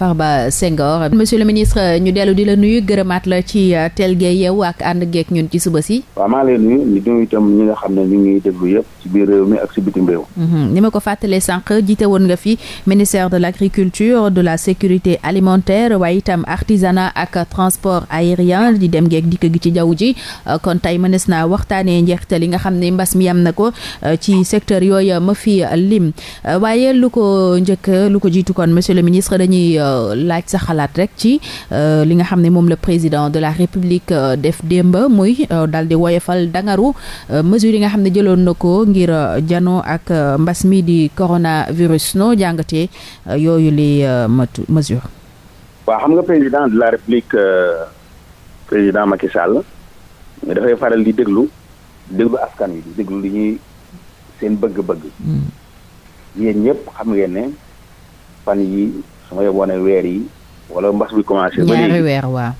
Farba Senghor monsieur le ministre ñu dellu di la nuyu gërëmaat la ci euh, teel gee yeew ak ànd geeg ñun ci suba si. waaw maa ngi lay nuyu ñu nuyu itam ñi nga xam ne ñu ngi déglu yëpp ci biir réew mi ak ci bitim réew. Mm-hmm. ni ma ko fàttalee sànq jiite woon nga fi ministère de l' agriculture de la sécurité alimentaire waaye itam artisanat ak transport aérien di dem geeg dikk gi ci jaw ji euh, kon tey mënees naa waxtaane njeexital yi nga xam ne mbas mi am na ko euh, ci secteur yooyu ma fi lim waaye Euh, laaj sa xalaat rek ci euh, li nga xam ne moom la président de la république euh, def démb muy daal di woyofal dangaru mesure yi nga xam ne jëloon na ko ngir jano ak mbas mi di coronavirus noo jàngatee yooyu li matu mesure waaw xam nga président de la république président Macky Sall dafay faral di déglu déglu askan wi di déglu li ñuy seen bëgg-bëgg hmm. yéen ñëpp xam ngeen fan yi sama yoboo ne weer yi wala mbas bi commencé. ba ñaari weer waaw.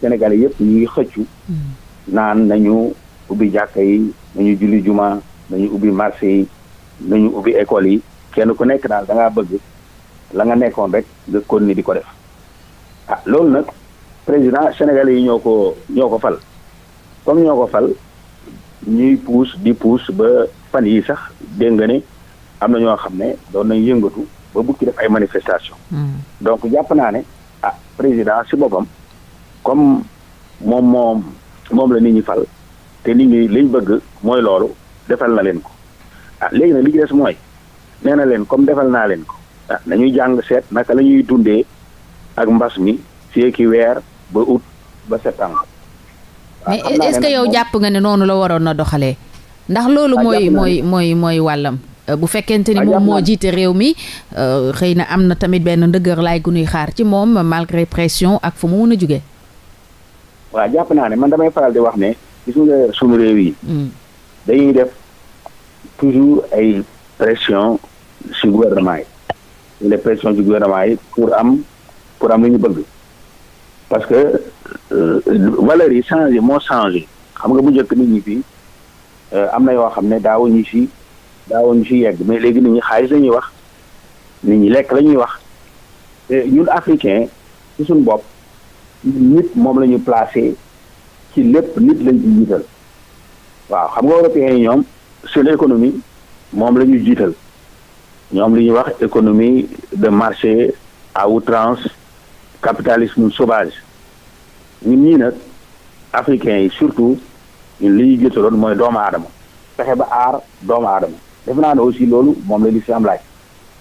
Sénégal yëpp ñu ngi xëccu. Hmm. naan nañu ubbi jàkka yi nañu julli juma nañu ubbi marché yi nañu ubbi école yi kenn ku nekk daal da bëgg la nga nekkoon rek nga kon ni di ko def ah loolu nag président sénégalais yi ñoo ko ñoo ko fal comme ñoo ko fal ñuy puus di puus ba fan yi sax dégg nga ne am na ñoo xam ne doon nañ yëngatu. ba bëgg def ay manifestation hmm. donc jàpp naa ne ah président si boppam comme moom moom moom la nit ñi fal te nit ñi liñ bëgg mooy loolu defal na leen ko a ah, léegi nag li ci des mooy nee na leen comme defal naa leen ko ah nañuy jàng seet naka la ñuy dundee ak mbas mi fii weer ba ut ba septembre. Ah, mais est-ce que yow jàpp nga ne noonu la waroon na doxalee. ndax loolu ah, mooy mooy mooy mooy wàllam. Euh, bu fekkente ni ah, moom moo jiite réew mi euh, xëy na am na tamit benn ndëgër laay gu ñuy xaar ci moom malgré pression ak fu mu mën a jugee. waaw jàpp naa ne man damay faral di wax ne gis réew yi. Mm. dañuy def toujours ay pression ci gouvernement yi. yi pour am pour am lu ñu bëgg. parce que euh, valeurs yi changé moo changé xam nga bu njëkk nit ñi fii am na yoo xam ne daaw ñu fi daawuñu si yegg mais léegi nit ñi xaalis la ñuy wax nit ñi lekk lañuy wax te ñun africain ci suñu bopp nit moom la ñu placé ci lépp nit lañ ci waaw xam nga européens yi ñoom seen économie moom la ñu jiital ñoom li ñuy wax économie de marché à outrance capitalisme sauvage ñun ñii nag africains yi surtout ñun li ñu jiitaloon mooy doomu aadama pexe ba aar doomu aadama def naa ne aussi loolu moom la si am laaj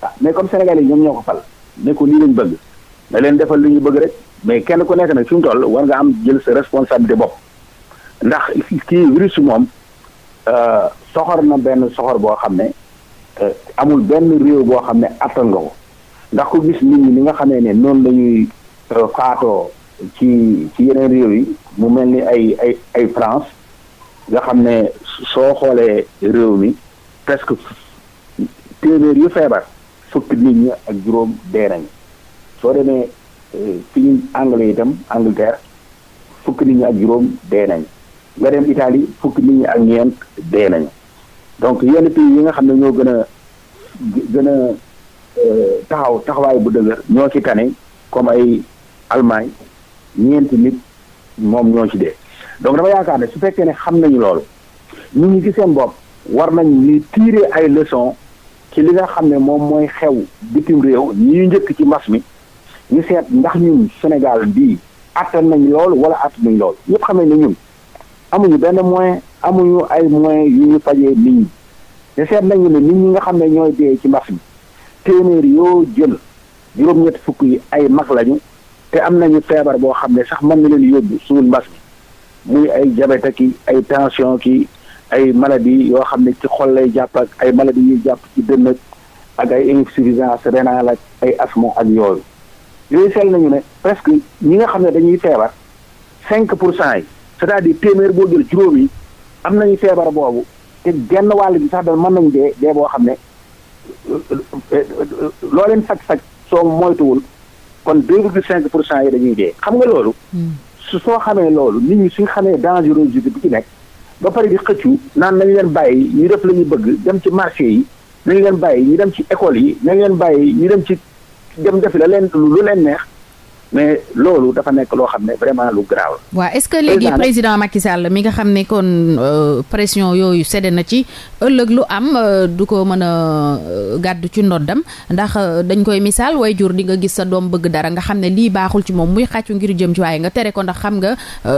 waaw ah, mais comme Sénégalais yi ñoom ñoo ko fal ne ko lii lañ bëgg na leen defal li ñu bëgg rek mais kenn ku nekk nag fi mu toll war nga am jël sa responsabilité bopp ndax kii virus moom euh, soxor na benn soxor boo xam ne euh, amul benn réew boo xam ne attan nga ko ndax ku gis nit ñi ni nga xamee ne noonu la ñuy euh, faatoo ci ci yeneen réew yi mu mel ni ay ay ay France nga xam ne soo xoolee réew mi presque téeméer yu feebar fukki nit ñi ak juróom dee nañu soo demee eh, fi ñu anglais itam Angleterre fukki nit ñi ak juróom dee nañu nga dem Italie fukki nit ñi ak ñeent dee nañu donc yenn pays yi nga xam ne ñoo gën a gën a eh, taxaw taxawaay bu dëgër ñoo ci tane comme ay Allemagne ñeenti nit moom ñoo ci dee donc dama yaakaar ne su fekkee ne xam nañu loolu ñu ngi ci bopp. war nañ ñuy tiire ay leçons ci li nga xam ne moom mooy xew bitim réew ñuy njëkk ci mbas mi ñu seet ndax ñun Sénégal bii attan nañ lool wala attan nañ lool ñëpp xam ne ñun amuñu benn moyen amuñu ay moyens yu ñu fajee nit ñi te seet nañu ne nit ñi nga xam ne ñooy dee ci mbas mi téeméer yoo jël juróom-ñetti fukk yi ay mag lañu te am nañu feebar boo xam ne sax mën na leen yóbbu suul mbas mi muy ay jabet ki ay tension ki ay maladie yoo xam ne ci xol lay jàpp ak ay maladies yuy jàpp ci dënn ak ay insuffisance rénale ak ay asthme ak yooyu yooyu seetlu nañu ne presque ñi nga xam ne dañuy feebar cinq pour cent yi cest à di téeméer boo jël juróom yi am nañu feebar boobu te genn wàll bi sax da mën nañ dee dee boo xam ne loo leen faj-faj soo moytuwul kon deux virgule cinq pour cent yi dañuy dee xam nga loolu hmm. su soo xamee loolu nit ñi suñ xamee dangerosité bi ci nekk ba pare di xëccu naan nañ leen bàyyi ñu def la ñu bëgg dem ci marché yi nañ leen bàyyi ñu dem ci école yi nañ leen bàyyi ñu dem ci dem defi la leen lu leen neex mais loolu dafa nekk loo xam ne vraiment lu grave la. waaw est-ce que léegi président Macky Sall mi nga xam ne kon euh, pression yooyu sedd na ci ëllëg lu am euh, du ko mën a euh, gàddu ci ndoddam ndax dañ koy misaal way jur di nga gis sa doom bëgg dara nga xam ne lii baaxul ci moom muy xàccu ngir jëm ci waaye nga tere ko ndax xam nga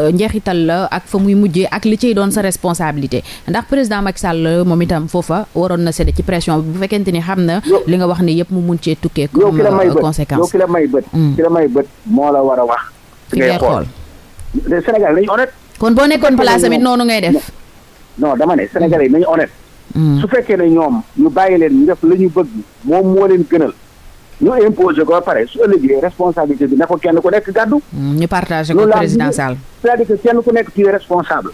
njeexital la ak fa muy mujjee ak li ci doon sa responsabilité ndax président Macky Sall moom itam foofa waroon na sedd ci pression bu fekkent ni xam na. li nga wax ne yëpp mu mun cee tukkee. comme conséquence la may bët mm. ki moo la war a wax. fi ngay xool Sénégal nañu honnête. kon boo nekkoon place tamit noonu ngay def. non dama ne Sénégalais yi nañu honnête. Mm. su fekkee ne ñoom ñu bàyyi leen ñu def la ñu bëgg moom moo leen gënal. ñu imposé ko pare su ëllëgee responsabilité bi na ko kenn ku nekk gàddu. Mm, ñu partagé ko président Sall. cest à kenn ku nekk kii es responsable.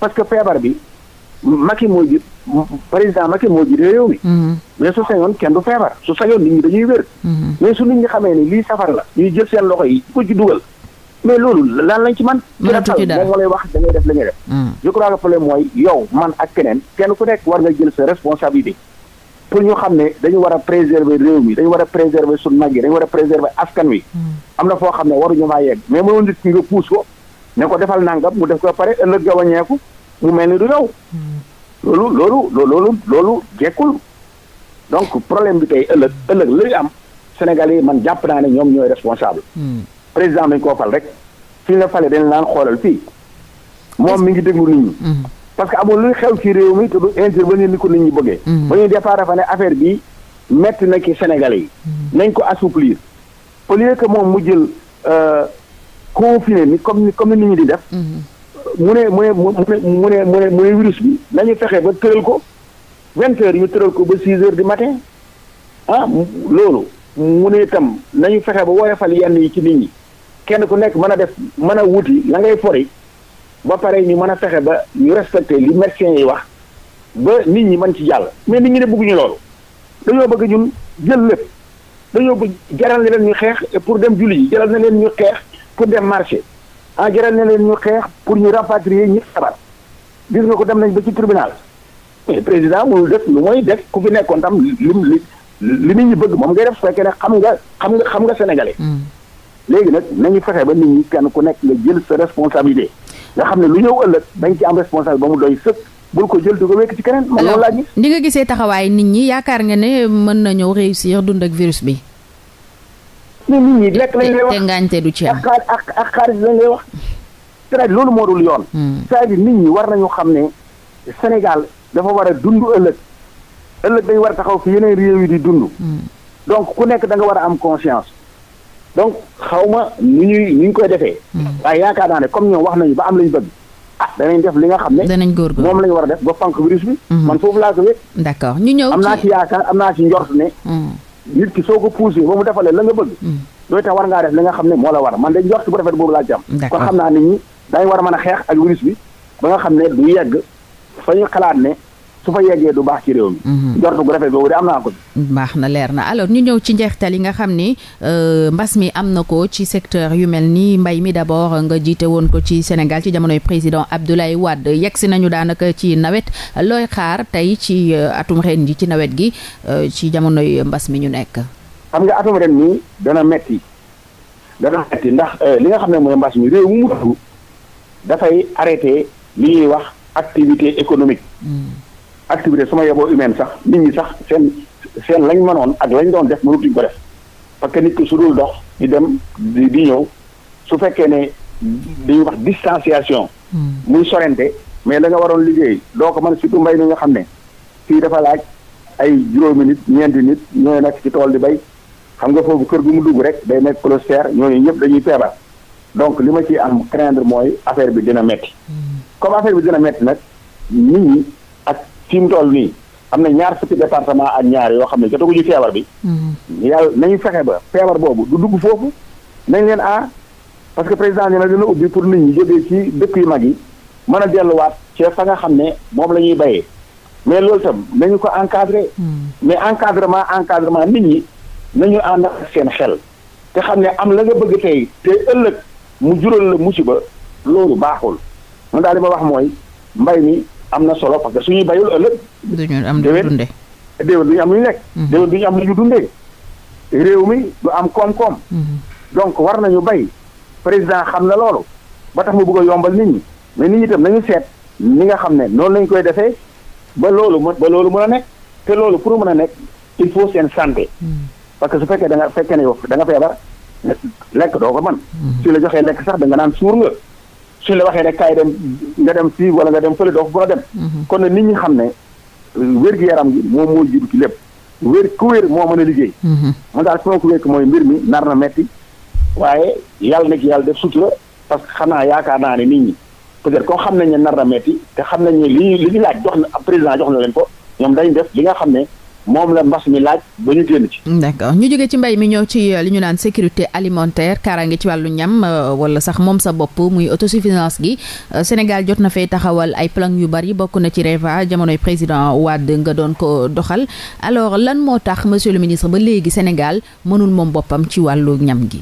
parce que feebar bi. Macky moo ji président Macky moo ji réew mi. Mm-hmm. mais su sañoon kenn du feebar su sañoon nit ñi dañuy wér. Mm-hmm. mais su nit ñi xamee ni lii safar la. ñuy jël seen loxo yi ko ci dugal. mais loolu lan lañ ci man mënatu ci dara moom moo lay wax ngay def la ngay def. Mm. je crois que problème mooy yow man ak keneen kenn ku nekk war nga jël sa responsabilité. pour ñu xam ne dañu war a préserver réew mi dañu war a préserver su mag yi dañu war a préserver askan wi. Mm. am na foo xam ne waruñu faa yegg mais mënoon nit ki nga puus ko ne ko defal nangam mu def ko pare ëllëg ga mu mel ni du yow hmm. loolu loolu loolu loolu jekkul donc problème bi tey ëllëg ëllëg lay am Sénégal yi man jàpp naa ne ñoom ñooy responsable hmm. président dañu koo fal rek fi nga falee dañ naan xoolal fii moom mi ngi déglu nit ñi hmm. parce que amul luy xew ci réew mi te du intervenir ni ko nit ñi bëggee ba ñuy defaara fa affaire bi metti na ki Sénégalais yi nañ ko assouplir au lieu que moom mu jël euh, confiné ni comme ni comme nit ñi di def mu ne mu ne mu ne mu ne mu ne mu ne virus bi nañu fexe ba tëral ko vingt heures ñu tëral ko ba six heures du matin ah loolu mu ne itam nañu fexe ba woyofal yenn yi ci nit ñi kenn ku nekk mën a def mën a wuti la ngay fori ba pare ñu mën a fexe ba ñu respecté li médecin yi wax ba nit ñi mën ci jàll mais nit ñi ne bëgguñu loolu dañoo bëgg ñun jël lépp dañoo bëgg jaral na leen ñu xeex pour dem julli yi jaral na leen ñu xeex pour dem marché engrais na leen ñu xeex pour ñu rapatrier ñi sabat gis nga ko dem nañ ba ci tribunal mais président mënul def lu mooy def ku fi nekkoon tam lim li li nit ñi bëgg moom ngay def su fekkee ne xam nga xam nga xam nga sénégalais. Hmm. léegi nag nañu fexe ba nit ñi kenn ku nekk nga jël sa responsabilité nga xam ne lu ñëw ëllëg dañ ci am responsable ba mu doy sëkk bul ko jël du ko wekk ci keneen man noonu laa gis. ni nga gisee taxawaay nit ñi yaakaar nga ne mën na nañoo réussir dund ak virus bi. mais nit ñi lekk lañ lay wax te du ci ak ak xaalis lañ lay wax. Hmm. c'est-à-dire loolu moo nit ñi war nañu xam ne Sénégal dafa war a dund ëllëg ëllëg dañu war a taxaw fi yeneen rio yi di dund. Hmm. donc ku nekk da nga war a am conscience. donc xaw ma nu ñuy nu ñu koy defee. Hmm. waaye yaakaar naa ne comme ñoom wax nañu ba am lañu bëgg. ah danañ def li nga xam ne. danañ góorgóorlu moom la ñu war a def ba fànq virus bi. man foofu laa ko wér. d'accord ñu ñëw ci am naa ci yaakaar am naa ci njort ne. nit ki soo ko poussé ba mu defalee la nga bëgg dooy mm. tax war ngaa def li nga xam ne moo la war man de njort bu rafet boobu laa jàmm kon xam naa nit ñi dañu war a man a xeex ak virus bi ba nga xam ne du yegg fa ñu xalaat ne su fa yeggee du baax ci réew mi. Mhm. jortu gu rafet boobu de am naa ko. baax na leer na alors ñu ñëw ci njeextal yi nga xam ni euh, mbas mi am na ko ci secteur yu mel nii mbay mi d' abord nga jiite woon ko ci Sénégal ci jamonoy président Abdoulaye Wade yegg si nañu daanaka ci nawet looy xaar tey ci euh, atum ren ji ci nawet gi euh, ci jamonoy mbas mi ñu nekk. xam nga atum ren mi dana metti dana metti ndax li nga xam ne mooy mbas mi réew mu dafay arrêté li wax activité activité su suma yeboo humaine sax nit ñi sax seen seen lañ mënoon ak lañ doon def mënatuñ ko def parce que nit ki su dul dox di dem di ñëw su fekkee ne dañuy wax distanciation. Hmm. muy sorente mais da nga waroon liggéey doo ko mën surtout mbay mi nga xam ne fii dafa laaj ay juróomi nit ñeenti nit ñooy nag ci tool di bay xam nga foofu kër gu mu dugg rek day nekk clostère ñooñu ñëpp dañuy feebar donc li ma ciy am craindre mooy affaire bi dina metti hmm. comme affaire bi dina metti nag nit ñi ak fi mu toll nii am na ñaar fukki département ak ñaar yoo xam ne ko jotaguñu feebar bi. Mm-hmm. yàlla nañu fexe ba feebar boobu du dugg foofu nañ leen aar parce que président dina dina ubbi pour nit ñi jógee ci dëkk yu mag yi mën a delluwaat ci fa nga xam ne moom la ñuy bayee mais loolu itam nañu ko encadré. Mm-hmm. mais encadrement encadrement nit ñi nañu ànd ak seen xel. te xam ne am la nga bëgg tey te ëllëg mu jural la musiba loolu baaxul man daal di ma wax mooy mbay mi. am na solo parce que suñuy bayul ëllëg. duñu am lu ñu dundee. déwén duñu am lu ñu lekk. Mhm. duñu am lu ñu dundee. réew mi du am koom-koom. Mhm. donc war nañu bay président xam na loolu ba tax mu bëgg a yombal nit ñi mais nit ñi itam nañu seet ni nga xam ne noonu lañ koy defee ba loolu mën ba loolu mën a nekk te loolu pour mën a nekk il foo seen santé. Mhm. parce que su fekkee da fekkee ne yow da nga feebar lekk doo ko man su la joxee lekk sax da nga naan suur nga. suñ la waxee ne kaay dem nga dem fii wala nga dem fële doof bu la dem. Mhm. kon nag nit ñi xam ne wér gi yaram gi moom moo jiitu ci lépp wér ku wér moo mën a liggéey. Mhm. man daal fi ma ko wékk mooy mbir mi nar na metti waaye yàlla na ci yàlla def sutura parce que xanaa yaakaar naa ne nit ñi peut-être xam nañ ne nar na metti te xam nañ ne li li ñu laaj jox na président jox na leen ko ñoom dañ def li nga xam ne. moom la mbas mi laaj ba ñu génn ci. d'accord ñu jóge ci mbay mi ñoo ci euh, li ñu naan sécurité alimentaire kaaraange ci wàllu ñam euh, wala sax moom sa bopp muy autosuffisance gi euh, Sénégal jot na fay taxawal ay plan yu bari bokk na ci REVA jamonoy président Wade nga doon ko doxal alors lan moo tax monsieur le ministre ba léegi Sénégal mënul moom boppam ci wàllu ñam gi.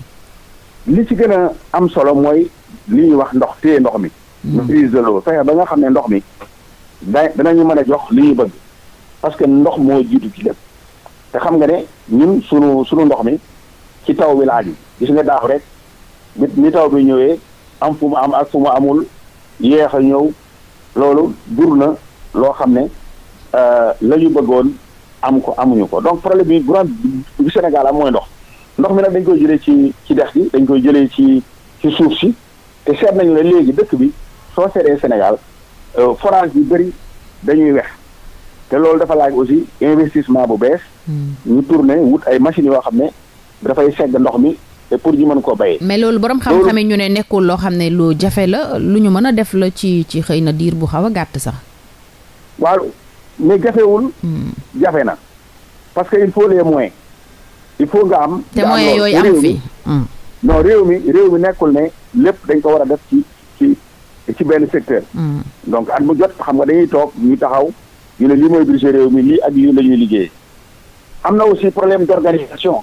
li ci gën a am solo mooy li ñuy wax ndox téye ndox mi. Hmm. maîtrise de l'eau fexe ba nga xam ne ndox mi da mën a jox parce que ndox moo jiitu ci lépp te xam nga ne ñun sunu sunu ndox mi ci taw bi laaju gis nga daaw rek ni taw bi ñëwee am fu mu am ak fu mu amul yéex a ñëw loolu jur na loo xam ne euh, la ñu bëggoon am ko amuñu ko donc problème bi grand bi Sénégal am mooy ndox ndox mi nag dañ koy jëlee ci ci dex gi dañ koy jëlee ci ci suuf si te seet nañu ne léegi dëkk bi soo seetee Sénégal euh, forage yu bëri dañuy wex te loolu dafa laaj aussi investissement bu bees. Hmm. ñu tourné wut ay machines yoo xam ne dafay segg ndox mi te pour ñu mën koo béyee. mais loolu borom xam-xam ñu ne nekkul loo xam ne lu jafe la lu ñu mën a def la ci ci xëy na diir bu xaw a gàtt sax. waaw mais jafewul. Hmm. jafe na parce que il faut les moyens. il faut nga am. te moyens yooyu am fi hmm. non réew mi réew mi nekkul ne lépp dañ ko war a def ci ci ci benn secteur. donc at mu jot xam nga dañuy toog ñu taxaw. yu ne lii mooy budget réew mi lii ak lii la ñuy liggéey am na aussi problème d'organisation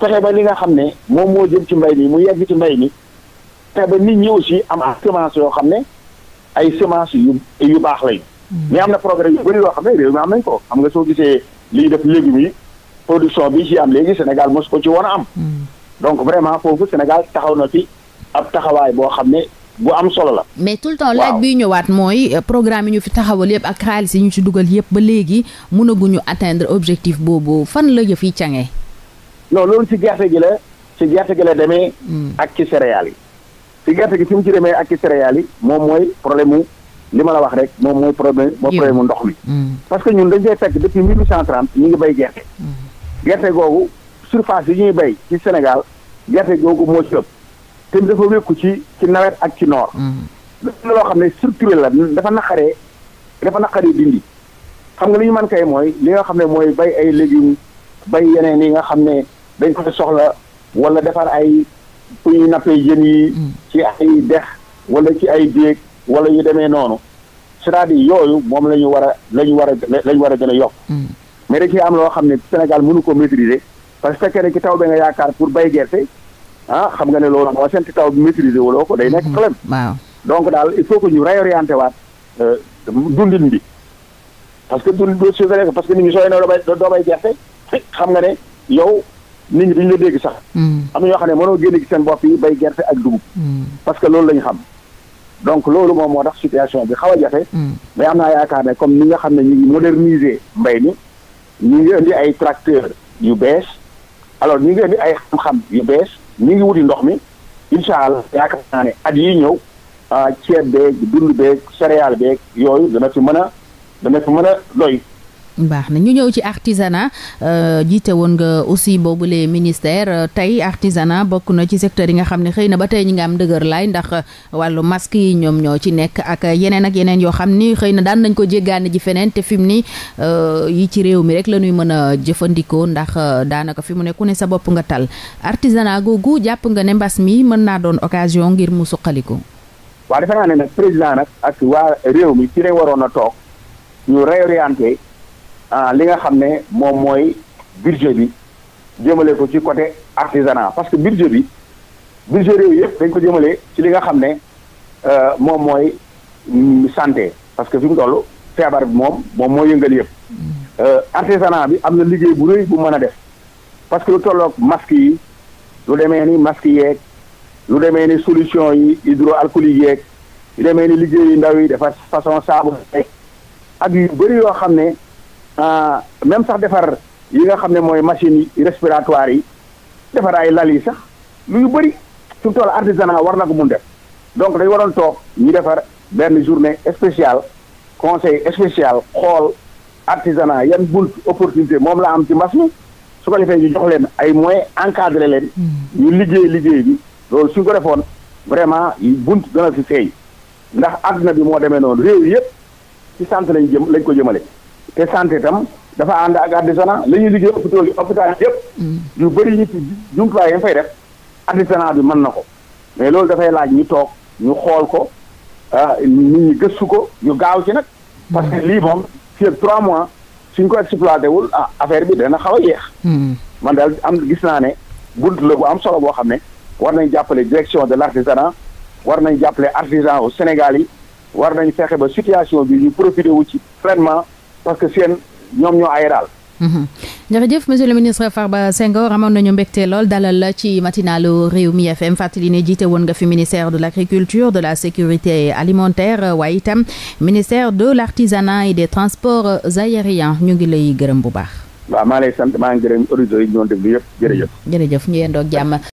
fexe ba li nga xam ne moom moo jëm ci mbay mi mu yegg ci mbay mi fexe ba nit ñi aussi am ay semence yoo xam ne ay semence yu yu baax lañ mm. mais am na progrès yu bëri yoo xam ne réew mi am nañ ko am nga soo gisee li ñu def légumes yi production bi ci am léegi Sénégal mos ko ci woon a am mm. donc vraiment foofu Sénégal taxaw na fi ab taxawaay boo xam ne bu am solo la. mais tout le temps laaj biy ñëwaat mooy euh, programme yi ñu fi taxawal yëpp ak xaalis yi ñu si dugal yëpp ba léegi ñu atteindre objectif boobu fan la yëf yi cangee. non loolu ci gerte gi la ci gerte gi la demee. Hmm. ak ci céréales yi. ci gerte gi fi mu ci demee ak ci céréales yi moom mooy problème mu li ma la wax rek moom mooy problème mooy problème mu ndox mi. Hmm. parce que ñun dañ koy fekk depuis mille huit cent trente ñu ngi bay gerte. Hmm. gerte googu surface yi ñuy béy ci Sénégal gerte googu moo te dafa wékku ci ci nawet ak ci noor. na mm-hmm. loo xam ne structuré la dafa naqaree dafa naqaree dindi xam nga li ñu mën kay mooy li nga xam ne mooy bay ay légumes bay yeneen yi nga xam ne dañ koy soxla wala defar ay fu ñuy nappee jën yi mm-hmm. ci ay dex wala ci ay déeg wala yu demee noonu c'est-à-dire yooyu moom la ñu war a la ñu war a la ñu war a yokk mm-hmm. mais da ci am loo xam ne Sénégal munu ko maîtriser parce que fekkee ne ci taw bi nga yaakaar pour bay gerte ah xam nga ne loolu moo seen taw bi maîtriser wuloo ko day nekk mhm. donc daal il faut que ñu réorienté waat euh, dundin bi parce que dund doo suivre que nit ñi sooy na doo bay doo bay gerte xam nga ne yow nit duñ la dégg sax. Mhm. am na ne mënoo génne seen bopp yi bay gerte ak dugub. Mhm. parce que loolu lañ xam. donc loolu moom moo tax situation bi xaw a jafe. mais am naa yaakaar ne comme ni nga xam ne ñu ngi moderniser mbay mi ñu ngi indi ay tracteur yu bees alors ñu ngi indi ay xam-xam yu bees. ñu ngi wuti ndox mi incha allah yaakaar naa ne at yi ñëw ah, ceeb beeg dund beeg céréale beeg yooyu dana fi mën a dana fi mën a doy. baax na ñu ñëw ci artisanat euh, jiite woon nga aussi lee ministère euh, tey artisanat bokk na ci secteur yi nga xam ne xëy na ba tey ñi nga am dëgër laay ndax euh, wàllu masque yi ñoom ñoo ci nekk ak yeneen ak yeneen yoo xam ni xëy na daan nañ ko jéggaane ji feneen te fi mu ni yi ci réew mi rek la ñuy mën a jëfandikoo ndax daanaka fi mu ne ku ne sa bopp nga tal artisanat googu jàpp nga ne mbas mi mën naa doon occasion ngir mu suqaliku waaw defe naa ne nag président Ah, li nga xam ne moom mooy budget bi jëmale ko ci côté artisanat parce que budget bi budget réew yëpp dañ ko jëmale ci li nga xam ne euh, moom mooy mm, santé parce que fi mu toll feebar bi moom moom moo yëngal yëpp mm. euh, artisanat bi am na liggéey bu rëy bu mën a def parce que lu tolloog masque yi lu demee ni masque yeeg lu demee ni solution yi hydroalcoolique yeeg lu demee ni liggéey yu ndaw yi dafa façon saabu ak yu bëri yoo xam ne Euh, même sax defar yi nga xam ne mooy machines yi respiratoires yi defar ay lal yi sax lu yu bëri suñu tool artisanat war na ko mun def donc dañu waroon toog ñu defar benn journée spéciale conseil spécial xool artisanat yan bunt opportunité moom la am ci mbas mi su ko defee ni jox leen ay moyens encadré leen hmm. ñu liggéey liggéey bi loolu suñ ko defoon vraiment bunt dana fi feeñ ndax àdduna bi moo demee noonu réew yëpp ci sant lañ jëm lañ ko jëmale te santé tam dafa ànd ak artisanat la ñuy liggéey hôpital yi hôpital yëpp mm. yu bëri ñu ci jumtuwaay yi fay def artisanat bi man na ko mais loolu dafay laaj ñu toog ñu xool ko ah, nit ñi gëstu ko ñu gaaw ci nag mm. parce que lii moom fii ak trois mois suñ ko exploité wul ah affaire bi dana xaw a yeex mm. man daal am gis naa ne bunt la bu am solo boo xam ne war nañ jàppale direction de l' artisanat war nañ jàppale artisan au Sénégal yi war nañu fexe ba situation bi ñu wu ci pleinement parce que seen ñoom ñoo ay daal. Mhm. jërëjëf monsieur le ministre Farba Senghor amoon nañu mbégte lool dalal la ci matinalu Rewmi FM fàttali ne jiite woon nga fi ministère de l' agriculture de la sécurité alimentaire waaye ministère de l' et des transports aériens ñu ngi lay gërëm bu baax. waaw maa lay sant maa ngi gërëm auditeurs yi ñu doon déglu yëpp jërëjëf. jërëjëf ñu yendoog jàmm.